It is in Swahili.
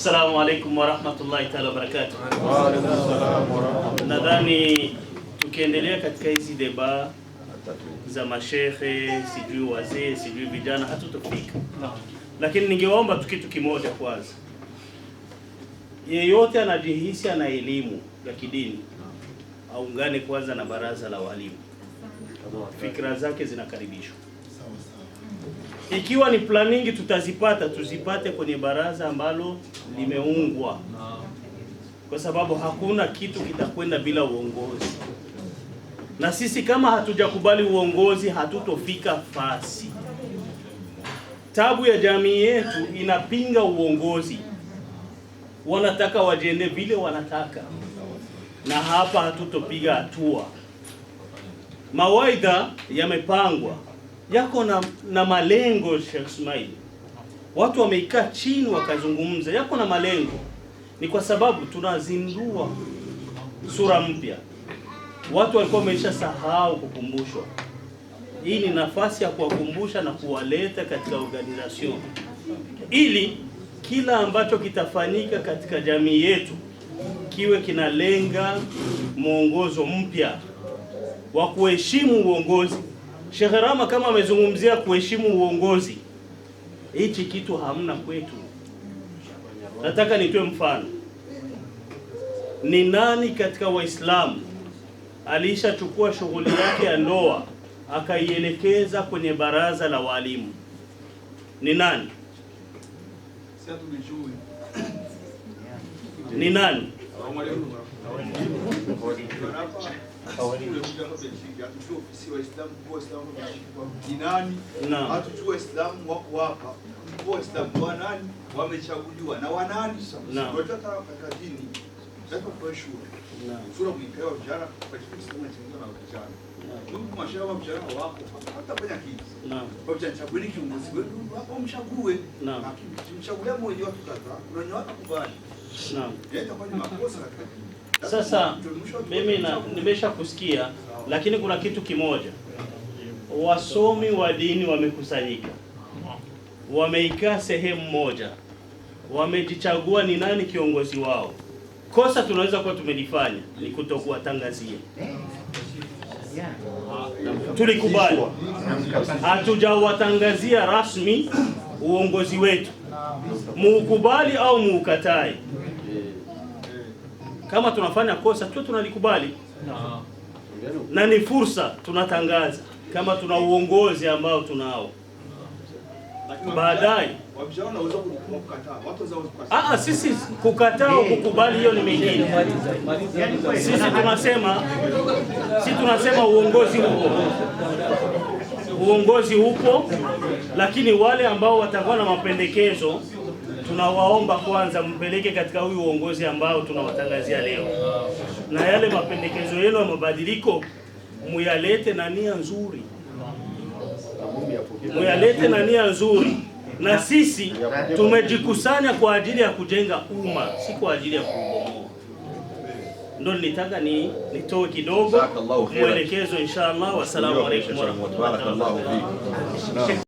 Assalamu alaikum warahmatullahi taala wabarakatuh. Nadhani tukiendelea katika hizi deba za mashehe, sijui wazee, sijui vijana, hatutofika. Lakini ningewaomba tu kitu kimoja kwanza, yeyote anajihisi ana elimu ya kidini aungane kwanza na baraza la walimu, fikra zake zinakaribishwa. Ikiwa ni planingi tutazipata, tuzipate kwenye baraza ambalo limeungwa, kwa sababu hakuna kitu kitakwenda bila uongozi, na sisi kama hatujakubali uongozi hatutofika fasi. Tabu ya jamii yetu inapinga uongozi, wanataka wajende vile wanataka, na hapa hatutopiga hatua. Mawaidha yamepangwa yako na, na malengo Sheikh Ismail. Watu wameikaa chini wakazungumza, yako na malengo. Ni kwa sababu tunazindua sura mpya. Watu walikuwa wameisha sahau kukumbushwa. Hii ni nafasi ya kuwakumbusha na kuwaleta katika organization, ili kila ambacho kitafanyika katika jamii yetu kiwe kinalenga mwongozo mpya wa kuheshimu uongozi Sheikh Rama kama amezungumzia kuheshimu uongozi, hichi kitu hamna kwetu. Nataka nitoe mfano. Ni nani katika Waislamu alishachukua shughuli yake ya ndoa akaielekeza kwenye baraza la walimu? Ni nani? Ni nani? Jinani hatujua Waislamu wako hapa, Waislamu wanani wamechaguliwa na wanani, katika dini Nataka shule. kuipewa vijana kwa kipindi na vijana. vijana wako hata fanya kitu. Naam. Kwa vijana kiongozi wetu hapo Naam. mmoja kubali. Naam. makosa katika sasa mimi na nimesha kusikia, lakini kuna kitu kimoja. Wasomi wa dini wamekusanyika, wameikaa sehemu moja, wamejichagua ni nani kiongozi wao. Kosa tunaweza kuwa tumelifanya ni kutokuwatangazia. Tulikubali, hatujawatangazia rasmi uongozi wetu, muukubali au muukatae. Kama tunafanya kosa tu tunalikubali, na ni fursa tunatangaza kama tuna uongozi ambao tunao baadaye. Ah, ah, sisi kukataa kukubali, hiyo ni mengine. Yaani sisi tunasema sisi tunasema uongozi huo uongozi upo, lakini wale ambao watakuwa na mapendekezo tunawaomba kwanza mpeleke katika huyu uongozi ambao tunawatangazia leo, na yale mapendekezo yenu ya mabadiliko muyalete na nia nzuri muyalete na nia nzuri, na sisi tumejikusanya kwa ajili ya kujenga umma, si kwa ajili ya kubomoa. Ndio nilitaka ni nitoe kidogo mwelekezo, inshallah. Wassalamu alaykum wa barakatuh.